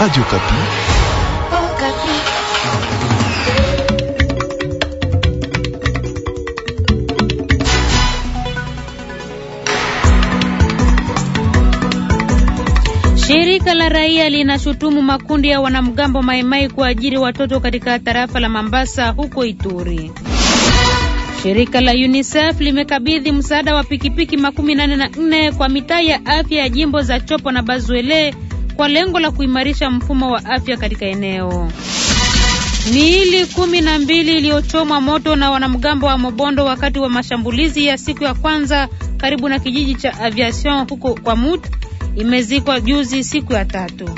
Radio Kapi. Oh, Kapi. Shirika la raia linashutumu makundi ya wanamgambo Maimai kuajiri watoto katika tarafa la Mambasa huko Ituri. Shirika la UNICEF limekabidhi msaada wa pikipiki makumi nane na nne kwa mitaa ya afya ya jimbo za Chopo na Bazwele kwa lengo la kuimarisha mfumo wa afya katika eneo. Miili kumi na mbili iliyochomwa moto na wanamgambo wa Mobondo wakati wa mashambulizi ya siku ya kwanza karibu na kijiji cha Aviation huko kwa mut imezikwa juzi siku ya tatu.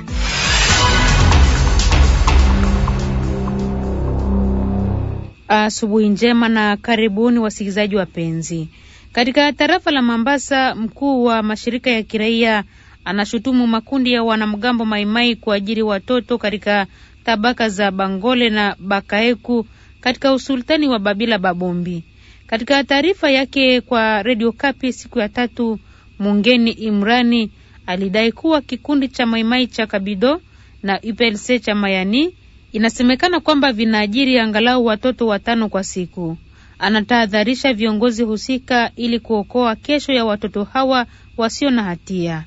Asubuhi njema na karibuni wasikilizaji wapenzi. Katika tarafa la Mambasa, mkuu wa mashirika ya kiraia anashutumu makundi ya wanamgambo Maimai kuajiri watoto katika tabaka za Bangole na Bakaeku katika usultani wa Babila Babombi. Katika taarifa yake kwa Radio Kapi siku ya tatu, Mungeni Imrani alidai kuwa kikundi cha Maimai cha Kabido na UPLC cha Mayani inasemekana kwamba vinaajiri angalau watoto watano kwa siku. Anatahadharisha viongozi husika ili kuokoa kesho ya watoto hawa wasio na hatia.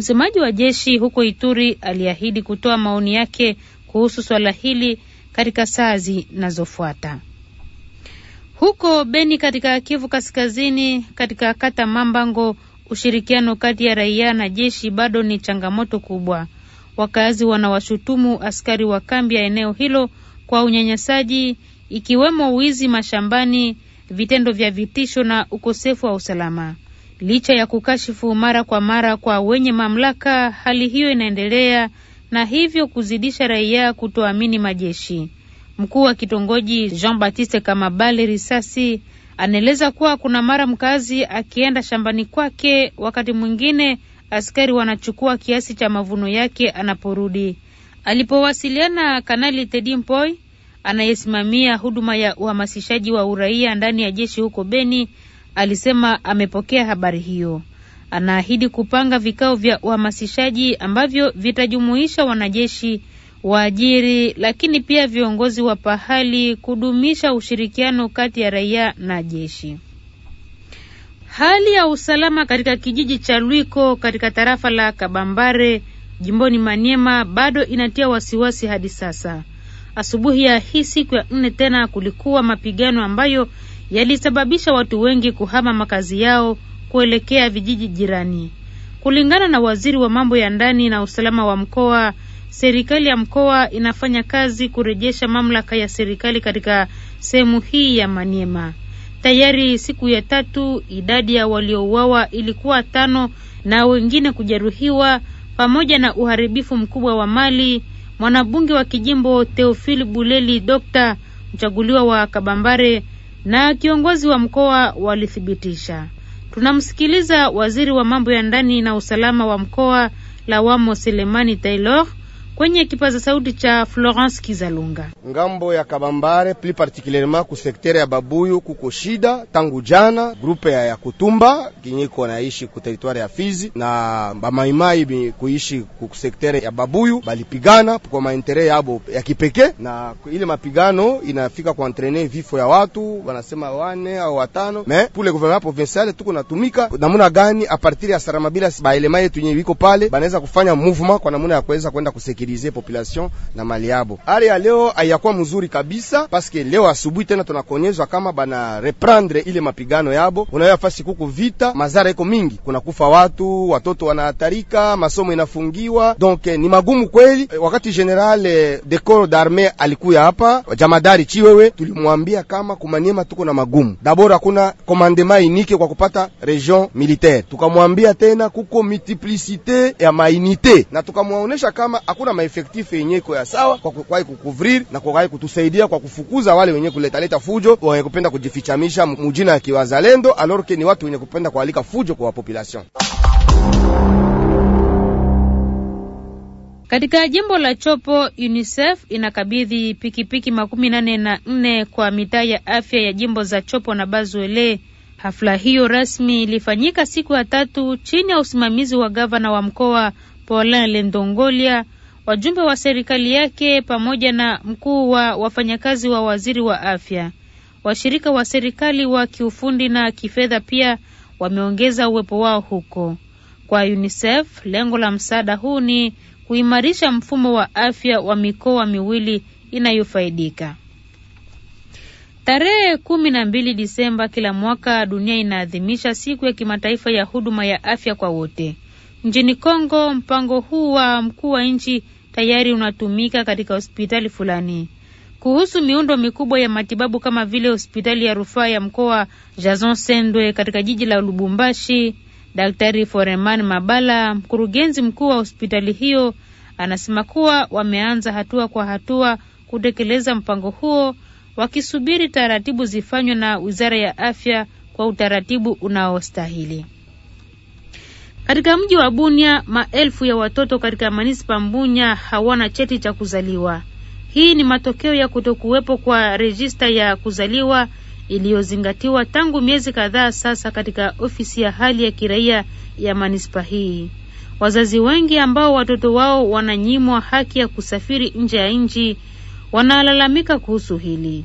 Msemaji wa jeshi huko Ituri aliahidi kutoa maoni yake kuhusu swala hili katika saa zinazofuata. Huko Beni katika Kivu Kaskazini, katika kata Mambango, ushirikiano kati ya raia na jeshi bado ni changamoto kubwa. Wakazi wanawashutumu askari wa kambi ya eneo hilo kwa unyanyasaji, ikiwemo wizi mashambani, vitendo vya vitisho na ukosefu wa usalama. Licha ya kukashifu mara kwa mara kwa wenye mamlaka, hali hiyo inaendelea na hivyo kuzidisha raia kutoamini majeshi. Mkuu wa kitongoji Jean Baptiste Kamabale Risasi anaeleza kuwa kuna mara mkazi akienda shambani kwake, wakati mwingine askari wanachukua kiasi cha mavuno yake anaporudi. Alipowasiliana Kanali Tedi Mpoi anayesimamia huduma ya uhamasishaji wa uraia ndani ya jeshi huko Beni, alisema amepokea habari hiyo. Anaahidi kupanga vikao vya uhamasishaji ambavyo vitajumuisha wanajeshi, waajiri, lakini pia viongozi wa pahali kudumisha ushirikiano kati ya raia na jeshi. Hali ya usalama katika kijiji cha Lwiko katika tarafa la Kabambare jimboni Maniema bado inatia wasiwasi hadi sasa. Asubuhi ya hii siku ya nne tena kulikuwa mapigano ambayo yalisababisha watu wengi kuhama makazi yao kuelekea vijiji jirani. Kulingana na waziri wa mambo ya ndani na usalama wa mkoa, serikali ya mkoa inafanya kazi kurejesha mamlaka ya serikali katika sehemu hii ya Maniema. Tayari siku ya tatu idadi ya waliouawa ilikuwa tano na wengine kujeruhiwa pamoja na uharibifu mkubwa wa mali. Mwanabunge wa kijimbo teofili Buleli Dokta, mchaguliwa wa Kabambare, na kiongozi wa mkoa walithibitisha. Tunamsikiliza waziri wa mambo ya ndani na usalama wa mkoa Lawamo Selemani Taylor kwenye kipaza sauti cha Florence Kizalunga. Ngambo ya Kabambare plus particulierement ku sektere ya Babuyu kuko shida tangu jana, grupe ya, Yakutumba Kutumba kinyiko naishi ku teritwari ya Fizi na bamaimai kuishi ku sektere ya Babuyu balipigana kwa maentere yabo ya kipekee, na ile mapigano inafika kuantrene vifo ya watu wanasema wane au watano. Me pule gouvernement provincial tuko natumika namuna gani partir ya Saramabila, baelema yetu yenye wiko pale banaweza kufanya movement kwa namuna ya kuweza kwenda kusekiri sensibiliser population na mali yabo. Hali ya leo hayakuwa mzuri kabisa, paske leo asubuhi tena tunakonyezwa kama bana reprendre ile mapigano yabo. Unayo fasi kuku vita, mazara iko mingi, kuna kufa watu, watoto wanahatarika, masomo inafungiwa, donc eh, ni magumu kweli. Eh, wakati general eh, de corps d'armee alikuya hapa, jamadari Chiwewe, tulimwambia kama kumaniema tuko na magumu dabora, kuna commandement inike kwa kupata region militaire, tukamwambia tena kuko multiplicité ya mainite na tukamwonesha kama hakuna maefektifu yenye iko ya sawa kwa kuwahi kukuvriri na kwa kutusaidia kwa kufukuza wale wenye kuletaleta fujo wenye kupenda kujifichamisha mujina ya kiwazalendo, alorke ni watu wenye kupenda kualika fujo kwa population. Katika jimbo la Chopo, UNICEF inakabidhi pikipiki makumi nane na nne kwa mitaa ya afya ya jimbo za Chopo na Bazuele. Hafla hiyo rasmi ilifanyika siku ya tatu chini ya usimamizi wa gavana wa mkoa Paulin Lendongolia wajumbe wa serikali yake pamoja na mkuu wa wafanyakazi wa waziri wa afya. Washirika wa serikali wa kiufundi na kifedha pia wameongeza uwepo wao huko. Kwa UNICEF, lengo la msaada huu ni kuimarisha mfumo wa afya wa mikoa miwili inayofaidika. Tarehe kumi na mbili Disemba kila mwaka dunia inaadhimisha siku ya kimataifa ya huduma ya afya kwa wote. Nchini Kongo, mpango huu wa mkuu wa nchi tayari unatumika katika hospitali fulani. Kuhusu miundo mikubwa ya matibabu kama vile hospitali ya rufaa ya mkoa Jason Sendwe katika jiji la Lubumbashi, Daktari Foreman Mabala, mkurugenzi mkuu wa hospitali hiyo, anasema kuwa wameanza hatua kwa hatua kutekeleza mpango huo wakisubiri taratibu zifanywe na Wizara ya Afya kwa utaratibu unaostahili. Katika mji wa Bunia, maelfu ya watoto katika manispa Mbunya hawana cheti cha kuzaliwa. Hii ni matokeo ya kutokuwepo kwa rejista ya kuzaliwa iliyozingatiwa tangu miezi kadhaa sasa katika ofisi ya hali ya kiraia ya manispa hii. Wazazi wengi ambao watoto wao wananyimwa haki ya kusafiri nje ya nchi wanalalamika kuhusu hili.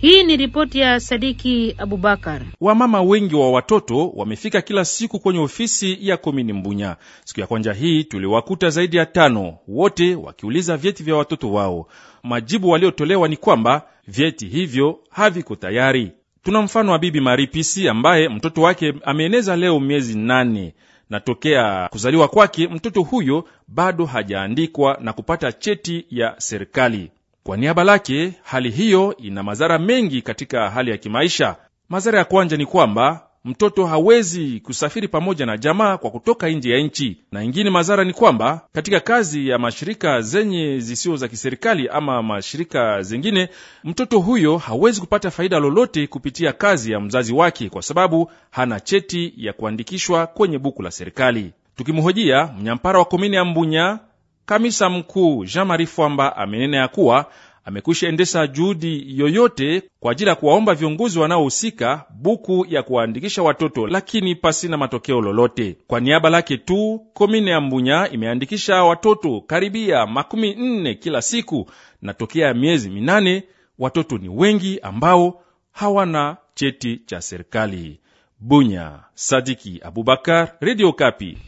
Hii ni ripoti ya Sadiki Abubakar. Wamama wengi wa watoto wamefika kila siku kwenye ofisi ya komini Mbunya. Siku ya kwanja hii tuliwakuta zaidi ya tano, wote wakiuliza vyeti vya watoto wao. Majibu waliotolewa ni kwamba vyeti hivyo haviko tayari. Tuna mfano wa Bibi Maripisi ambaye mtoto wake ameeneza leo miezi nane na tokea kuzaliwa kwake mtoto huyo bado hajaandikwa na kupata cheti ya serikali. Kwa niaba lake, hali hiyo ina madhara mengi katika hali ya kimaisha. Madhara ya kwanza ni kwamba mtoto hawezi kusafiri pamoja na jamaa kwa kutoka nje ya nchi, na ingine madhara ni kwamba katika kazi ya mashirika zenye zisizo za kiserikali ama mashirika zengine, mtoto huyo hawezi kupata faida lolote kupitia kazi ya mzazi wake, kwa sababu hana cheti ya kuandikishwa kwenye buku la serikali. Tukimhojia mnyampara wa komini ya Mbunya Kamisa mkuu Jean Marie Fwamba amenena ya kuwa amekwisha endesha juhudi yoyote kwa ajili ya kuwaomba viongozi wanaohusika buku ya kuwaandikisha watoto, lakini pasi na matokeo lolote. Kwa niaba lake tu komine ya Mbunya imeandikisha watoto karibia makumi nne kila siku, na tokea miezi minane watoto ni wengi ambao hawana cheti cha serikali. Bunya, Sadiki Abubakar, Radio Kapi.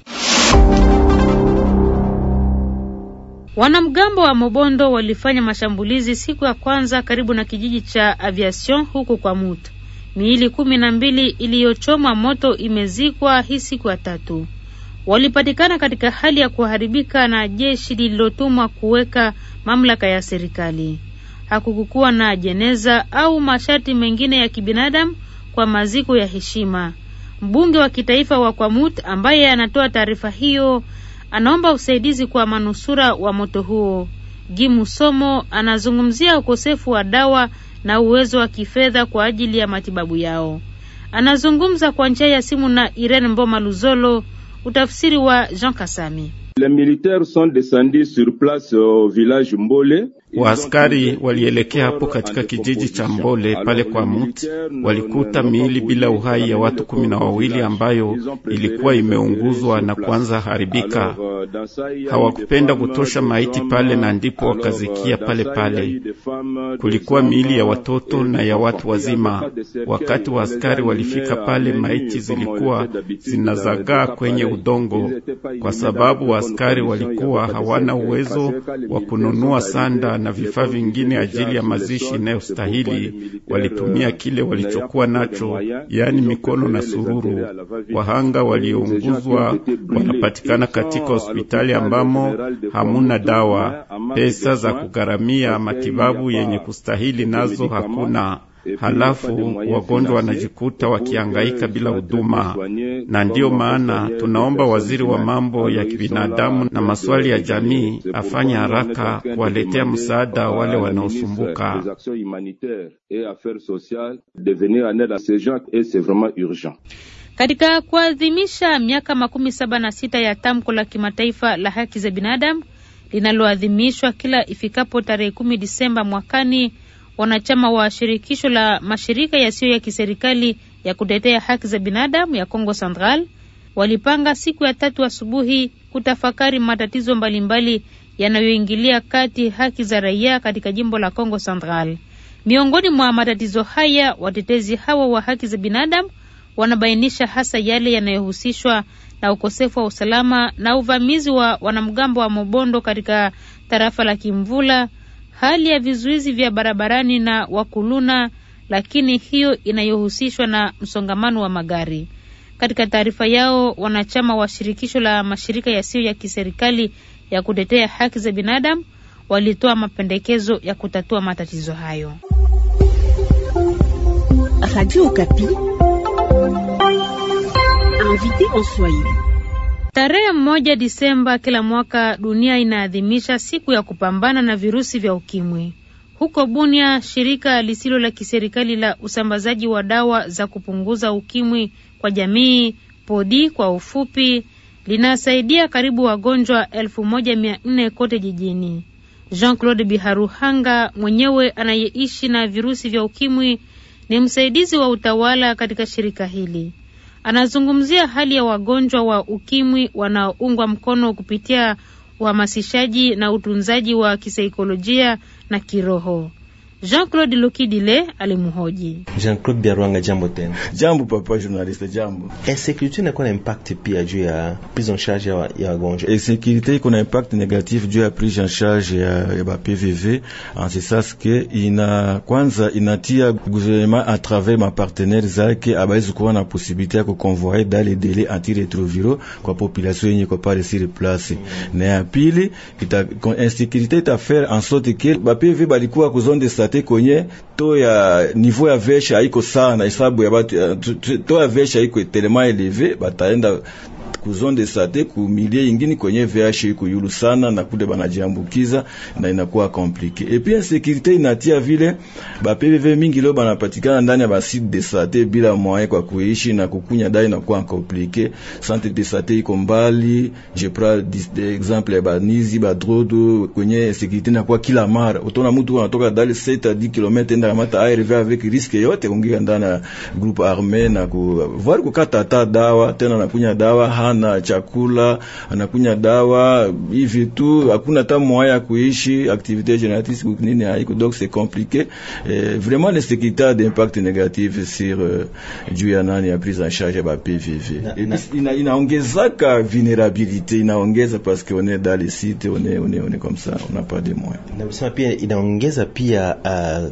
Wanamgambo wa Mobondo walifanya mashambulizi siku ya kwanza karibu na kijiji cha Aviation huko kwa Mutu. Miili kumi na mbili iliyochomwa moto imezikwa hii siku ya tatu. Walipatikana katika hali ya kuharibika na jeshi lililotumwa kuweka mamlaka ya serikali. hakukukua na jeneza au masharti mengine ya kibinadamu kwa maziko ya heshima. Mbunge wa kitaifa wa Kwamut ambaye anatoa taarifa hiyo anaomba usaidizi kwa manusura wa moto huo. Gimu Somo anazungumzia ukosefu wa dawa na uwezo wa kifedha kwa ajili ya matibabu yao. Anazungumza kwa njia ya simu na Irene Mboma Luzolo, utafsiri wa Jean Kasami. Les militaires sont descendus sur place au village Mbole Waaskari walielekea hapo katika kijiji cha Mbole pale kwa Muti, walikuta miili bila uhai ya watu kumi na wawili ambayo ilikuwa imeunguzwa na kuanza haribika. Hawakupenda kutosha maiti pale, na ndipo wakazikia pale pale. Kulikuwa miili ya watoto na ya watu wazima. Wakati waaskari walifika pale, maiti zilikuwa zinazagaa kwenye udongo, kwa sababu waaskari walikuwa hawana uwezo wa kununua sanda na vifaa vingine ajili ya mazishi inayostahili. Walitumia kile walichokuwa nacho, yaani mikono na sururu. Wahanga waliounguzwa wanapatikana katika hospitali ambamo hamuna dawa. Pesa za kugharamia matibabu yenye kustahili nazo hakuna halafu wagonjwa wanajikuta wakiangaika bila huduma. Na ndiyo maana tunaomba waziri wa mambo ya kibinadamu na maswali ya jamii afanye haraka kuwaletea msaada wale wanaosumbuka. Katika kuadhimisha miaka makumi saba na sita ya tamko la kimataifa la haki za binadamu linaloadhimishwa kila ifikapo tarehe kumi Disemba mwakani wanachama wa shirikisho la mashirika yasiyo ya kiserikali ya kutetea haki za binadamu ya congo Central walipanga siku ya tatu asubuhi kutafakari matatizo mbalimbali yanayoingilia kati haki za raia katika jimbo la congo Central. Miongoni mwa matatizo haya, watetezi hawa wa haki za binadamu wanabainisha hasa yale yanayohusishwa na ukosefu wa usalama na uvamizi wa wanamgambo wa Mobondo katika tarafa la Kimvula hali ya vizuizi vya barabarani na wakuluna, lakini hiyo inayohusishwa na msongamano wa magari. Katika taarifa yao, wanachama wa shirikisho la mashirika yasiyo ya kiserikali ya kutetea haki za binadamu walitoa mapendekezo ya kutatua matatizo hayo. Radio Okapi. Tarehe moja Disemba kila mwaka dunia inaadhimisha siku ya kupambana na virusi vya ukimwi. Huko Bunia, shirika lisilo la kiserikali la usambazaji wa dawa za kupunguza ukimwi kwa jamii PODI kwa ufupi, linasaidia karibu wagonjwa elfu moja mia nne kote jijini. Jean-Claude Biharuhanga mwenyewe anayeishi na virusi vya ukimwi ni msaidizi wa utawala katika shirika hili. Anazungumzia hali ya wagonjwa wa ukimwi wanaoungwa mkono kupitia uhamasishaji na utunzaji wa kisaikolojia na kiroho. Jean-Claude Lokidile alimhoji. Jean-Claude Biarwanga, jambo tena. Jambo papa journaliste, jambo. Insecurity inakuwa na impact pia juu ya prise en charge ya wagonjwa. Insecurity iko na impact negative juu ya prise en charge ya, ya ba PVV ansesaske ina kwanza inatia gouvernement a travers ma partenaire zake abawezi kuwa na possibilité ya kukonvoye dans les délais antiretroviraux kwa population yenye kwa pale sur place. Mm. Na ya pili ita, insecurity faire en sorte que ba PVV balikuwa ku zone de santé societe kwenye to ya niveau ya vesha haiko sana, hesabu ya batu to ya veshe haiko telema eleve, bataenda kuzonde sate milie ingini kwenye VH kuyulu sana na kule banajiambukiza na inakuwa komplike. Et puis insécurité inatia vile ba PVV mingi leo banapatikana ndani ya basite de sate bila moyen kwa kuishi na kukunya dai na kuwa komplike. Sante de sate iko mbali, je prends exemple ya banizi ba drodo kwenye insécurité na kwa kila mara. Utaona mtu anatoka dali 7 à 10 km nda mata ARV avec risque yote kungia ndani ya groupe armé na ku voir kukata dawa tena na kunya dawa hana chakula, anakunya dawa hivi tu, hakuna hata moya ya kuishi, activite génératrice nini haiko, donc c'est compliqué eh, vraiment les sécurité d'impact négatif sur euh, juu ya nani ya prise en charge ba PVV ina, inaongezaka vulnérabilité inaongeza parce que on est dans les sites on est on est on est comme ça on n'a pas de moyens, na kusema pia inaongeza pia uh,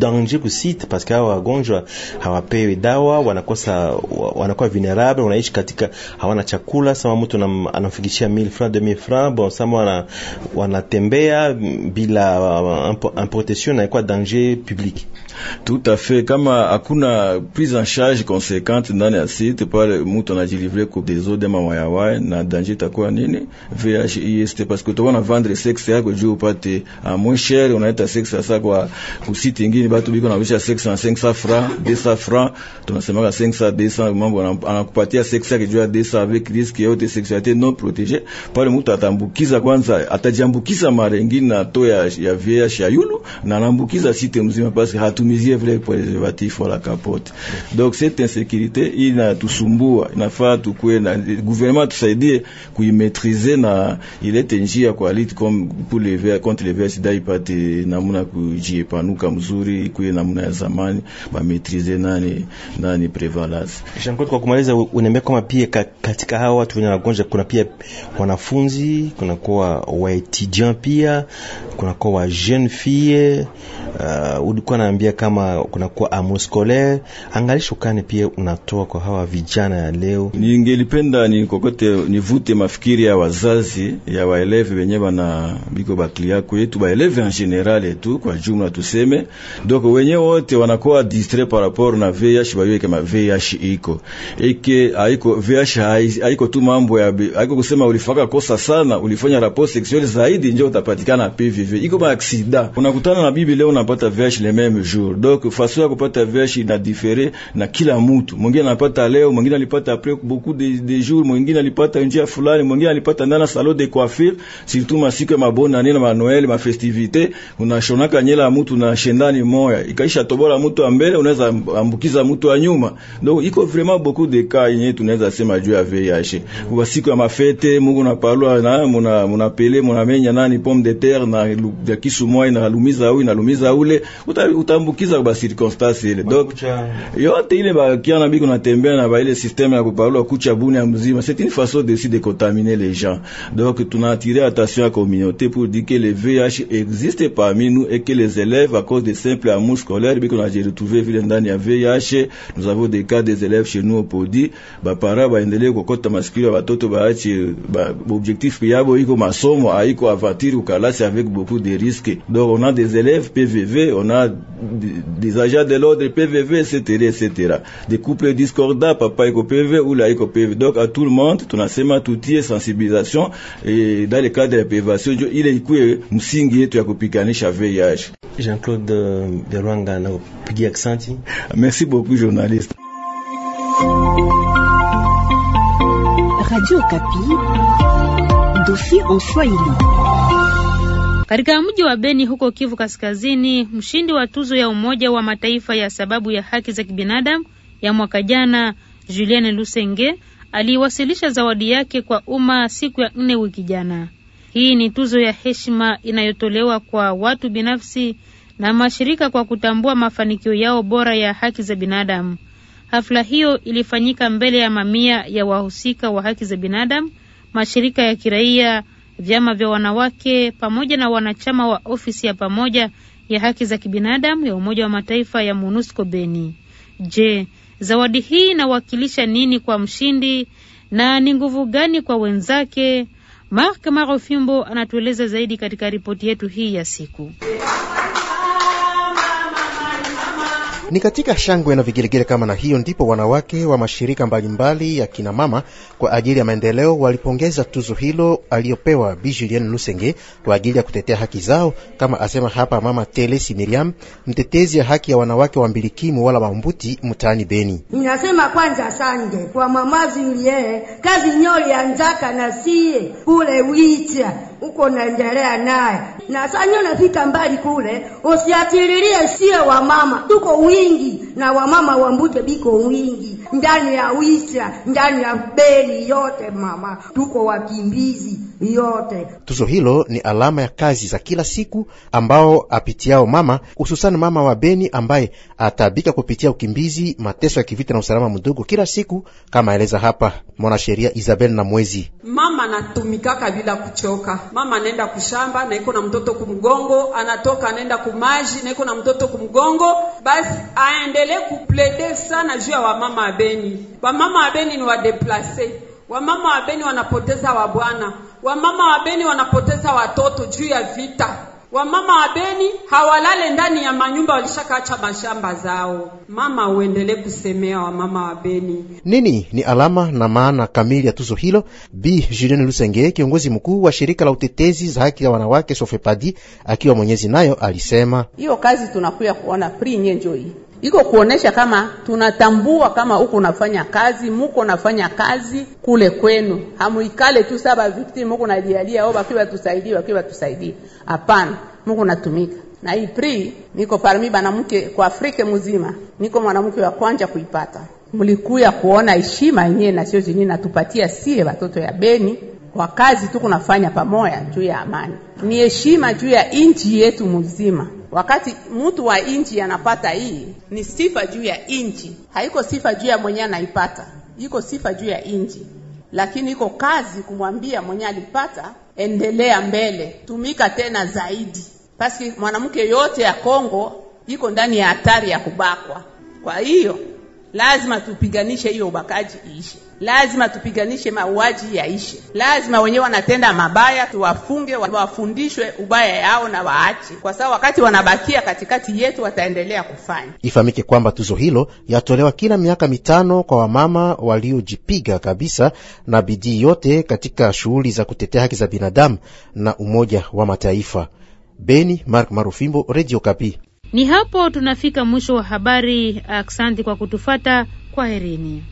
danger ku site parce que hawa wagonjwa hawapewi dawa, wanakosa wanakuwa vulnerable, wanaishi katika hawana chakula, sama mtu anamfikishia 1000 francs 2000 francs, bon ça sama wana, wanatembea bila euh, importation na kwa danger public. Tout à fait, comme kama hakuna prise en charge conséquente ndani ya site pale mtu anajilivre ku des eaux de mawayawai na danger takuwa nini VHIST parce que tu à vendre sexe yako juu upate a moins cher, unaita sexe sasa kwa kusite ingine batu biko na bisha sexe na 500 francs 200 francs tunasema 500 200 mambo anakupatia sexe yake juu ya 200 avec risque riski de sexualité non protégée, pale mtu atambukiza kwanza, atajiambukiza mara ingine na to ya, ya VIH ya yulu na anambukiza site mzima, parce que hatumizie vile preservatif wala capote Donc cette insécurité inatusumbua, inafaa tukue na gouvernement tusaidie kuimetrize na ilete njia kwa lit comme pour les lever contre les VIH pas ipate namna kujiepanuka mzuri, ikuye namna ya zamani ba maîtriser nani nani prevalence. Jean Claude, kwa kumaliza, unaambia kama pia kati katika hawa watu wenye wagonjwa kuna pia wanafunzi, kuna kunakuwa waetudiant pia kuna kwa wa jeune fille. Uh, ulikuwa naambia kama kunakuwa amour scolaire, angalisho kani pia unatoa kwa hawa vijana ya leo. Ningelipenda ni kokote nivute mafikiri ya wazazi ya waeleve wenye bana biko baklia kwetu baeleve en general tu kwa jumla tuseme, donc wenye wote wanakuwa distrait par rapport na VIH, bayo kama VIH iko ike aiko VIH hai haiko tu mambo ya haiko kusema ulifaka kosa sana, ulifanya rapport sexuel zaidi ndio utapatikana PVV. Iko ma aksida, unakutana na bibi leo unapata VIH le meme jour, donc façon ya kupata VIH ina differe na kila mtu. Mwingine anapata leo, mwingine alipata après beaucoup de, de jours, mwingine alipata njia fulani, mwingine alipata ndana salon de coiffure, surtout masiku ya mabona nene ma Noel ma festivité, unashonaka nyela mtu na shendani moya ikaisha tobola mtu wa unaweza ambukiza mtu wa nyuma, donc iko vraiment beaucoup de cas yenyewe tunaweza sema juu ya VIH. VIH. Kwa siku ya mafete Mungu napalwa na muna munapele munamenya nani pomme de terre na ya kisu moyo na lumiza au inalumiza ule uta, utambukiza kwa circonstance ile. Bah, Donc yote ile ba kiana biko natembea na ba ile systeme ya kupalwa kucha buni ya mzima. C'est une façon de de contaminer les gens. Donc tuna attirer attention à la communauté pour dire que le VIH existe parmi nous et que les élèves à cause de simples amours scolaires biko na j'ai retrouvé vile ndani ya VIH. Nous avons des cas des élèves chez nous au Podi, ba para baendelee kukota masikio ya watoto baache ba, objectif yabo iko masomo aiko ah, avatiri ukalasi avec beaucoup de risques donc on a des élèves PVV on a des agents de l'ordre PVV etc etc des couples discordants papa iko PVV, ou la iko PVV. donc à tout le monde tunasema tutie sensibilisation et dans le cadre ya PVation il est ikuwe hein. msingi yetu ya kupikanisha VIH Jean-Claude Berwanga euh, na kupigia accenti. Hein. merci beaucoup journaliste Radio Kapi, dosi en Swahili. Katika mji wa Beni huko Kivu Kaskazini, mshindi wa tuzo ya Umoja wa Mataifa ya sababu ya haki za kibinadamu ya mwaka jana, Julien Lusenge aliwasilisha zawadi yake kwa umma siku ya nne wiki jana. Hii ni tuzo ya heshima inayotolewa kwa watu binafsi na mashirika kwa kutambua mafanikio yao bora ya haki za binadamu. Hafla hiyo ilifanyika mbele ya mamia ya wahusika wa haki za binadamu, mashirika ya kiraia, vyama vya wanawake, pamoja na wanachama wa ofisi ya pamoja ya haki za kibinadamu ya Umoja wa Mataifa ya MONUSCO Beni. Je, zawadi hii inawakilisha nini kwa mshindi na ni nguvu gani kwa wenzake? Mark Marofimbo anatueleza zaidi katika ripoti yetu hii ya siku. Ni katika shangwe na vigelegele kama na hiyo ndipo wanawake wa mashirika mbalimbali ya kina mama kwa ajili ya maendeleo walipongeza tuzo hilo aliyopewa Bi Julien Lusenge kwa ajili ya kutetea haki zao, kama asema hapa Mama Telesi Miriam, mtetezi ya haki ya wanawake wa mbilikimu wala wambuti mtaani Beni. Ninasema kwanza asante kwa Mama Julien, kazi nyoli ya anzaka na sie kule wicha uko naendelea naye na sanyo nafika mbali kule, usiatililie sie wa mama tuko wingi na wamama wambute biko wingi ndani ya Wista, ndani ya Beni yote mama, tuko wakimbizi yote. Tuzo hilo ni alama ya kazi za kila siku ambao apitiao mama, hususani mama wa Beni ambaye atabika kupitia ukimbizi, mateso ya kivita na usalama mdogo kila siku, kama aeleza hapa mwanasheria Isabel na Mwezi. Mama anatumikaka bila kuchoka, mama anaenda kushamba na iko na mtoto kumgongo, anatoka anaenda kumaji na iko na mtoto kumgongo, basi aendelee kuplede sana juu ya wamama wa Beni. Wamama wa Beni ni wadeplase, wamama wa Beni wanapoteza wabwana Wamama wa Beni wanapoteza watoto juu ya vita. Wamama wa Beni hawalale ndani ya manyumba, walishakaacha mashamba zao. Mama, uendelee kusemea wamama wa Beni. Nini ni alama na maana kamili ya tuzo hilo? Bi Julien Lusenge, kiongozi mkuu wa shirika la utetezi za haki za wanawake Sofepadi, akiwa mwenyezi nayo alisema hiyo kazi tunakuya kuona pri nyenjoi iko kuonesha kama tunatambua kama huko nafanya kazi, muko nafanya kazi kule kwenu, hamuikale tu saba victim huko najialia au oh, bakiwa tusaidie, bakiwa tusaidie. Hapana, muko natumika na hii pri niko parmi banamke kwa Afrika mzima, niko mwanamke wa kwanza kuipata. Mlikuya kuona heshima yenyewe na sio zenyewe natupatia sie watoto ya Beni kwa kazi tu kunafanya pamoja juu ya amani, ni heshima juu ya nchi yetu mzima. Wakati mtu wa inchi anapata hii, ni sifa juu ya inchi, haiko sifa juu ya mwenye anaipata, iko sifa juu ya inchi, lakini iko kazi kumwambia mwenye alipata, endelea mbele, tumika tena zaidi, paski mwanamke yote ya Kongo iko ndani ya hatari ya kubakwa. Kwa hiyo lazima tupiganishe hiyo ubakaji iishe, lazima tupiganishe mauaji yaishe, lazima wenyewe wanatenda mabaya tuwafunge, wafundishwe ubaya yao na waache, kwa sababu wakati wanabakia katikati yetu wataendelea kufanya. Ifahamike kwamba tuzo hilo yatolewa kila miaka mitano kwa wamama waliojipiga kabisa na bidii yote katika shughuli za kutetea haki za binadamu na Umoja wa Mataifa. Beni, Mark Marufimbo, Radio Kapi. Ni hapo tunafika mwisho wa habari. Asante kwa kutufata. Kwaherini.